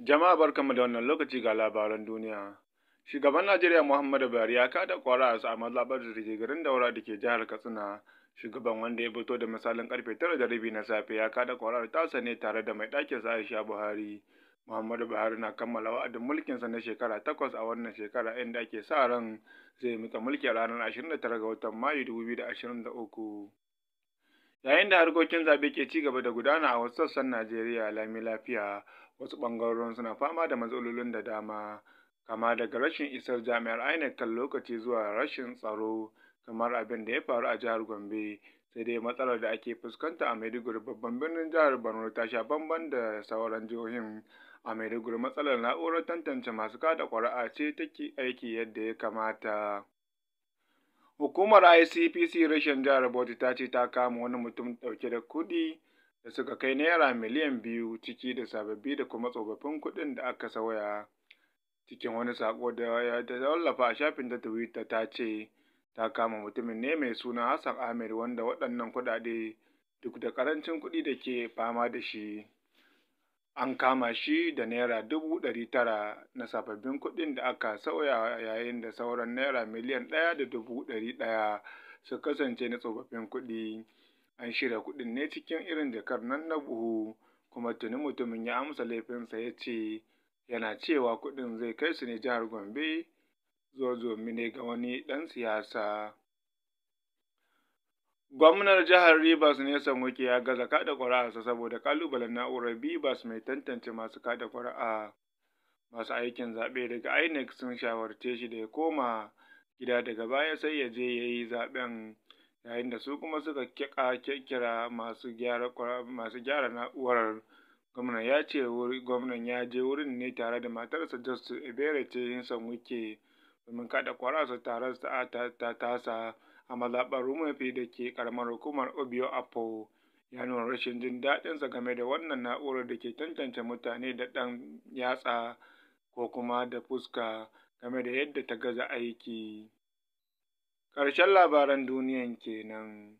Jama'a barkanmu da wannan lokaci ga labaran duniya. Shugaban Najeriya Muhammadu Buhari ya kada kwara a mazabar da ke garin Daura da ke jihar Katsina. Shugaban wanda ya fito da misalin karfe tara da rabi na safe ya kada kwarar tasa ne tare da mai ɗakin sa Aisha Buhari. Muhammadu Buhari na kammala wa'adin mulkinsa na shekara takwas a wannan shekara inda ake sa ran zai mika mulki a ranar 29 ga watan Mayu 2023. Yayin da harkokin zaɓe ke ci gaba da gudana a wasu sassan Najeriya lami lafiya, wasu ɓangarorin suna fama da matsalolin da dama, kama daga rashin isar jami'ar INEC kan lokaci zuwa rashin tsaro kamar abin da ya faru a jihar Gombe, sai dai matsalar da ake fuskanta a Maiduguri babban birnin jihar Borno ta sha bamban da sauran jihohin. A Maiduguri matsalar na'urar tantance masu kada ƙuri'a ce take aiki yadda ya kamata. Hukumar ICPC rashin jihar Bauchi ta ce ta kama wani mutum dauke da kuɗi da suka kai Naira miliyan biyu ciki da sababbi da kuma tsofaffin kuɗin da aka sauya, cikin wani saƙo da ya wallafa a shafin ta Twitter ta ce ta kama mutumin ne mai suna Hassan Ahmed wanda waɗannan kuɗaɗe duk da ƙarancin kuɗi da ke fama da shi, an kama shi da Naira dubu ɗari tara na sababbin kuɗin da aka sauya yayin da sauran Naira miliyan ɗaya da dubu ɗari ɗaya su kasance na tsofaffin kuɗi. An shirya kuɗin ne cikin irin jakar nan na buhu kuma tuni mutumin ya amsa laifinsa ya ce, yana cewa kuɗin zai kai su ne Jihar Gombe zomi ne ga wani ɗan siyasa. Gwamnar Jihar Rivers san Wike ya gaza kaɗa ƙuri'arsa saboda ƙalubalen na'urar bibas mai tantance masu kaɗa ƙuri'a. Masu aikin zaɓe daga INEC sun shawarce shi da ya koma gida daga baya sai ya je ya yi zaɓen. yayin da su kuma suka kira masu gyara na'urar gwamnan ya ce gwamnan ya je wurin ne tare da matarsa justice ebere ce yinsan wike domin kada su tare ta tasa a mazaɓar rumafi da ke karamar hukumar obio apo ya nuna rashin jin daɗinsa game da wannan na'urar da ke tantance mutane da ɗan yatsa ko kuma da fuska game da yadda ta gaza aiki. Ƙarshen labaran duniyan kenan.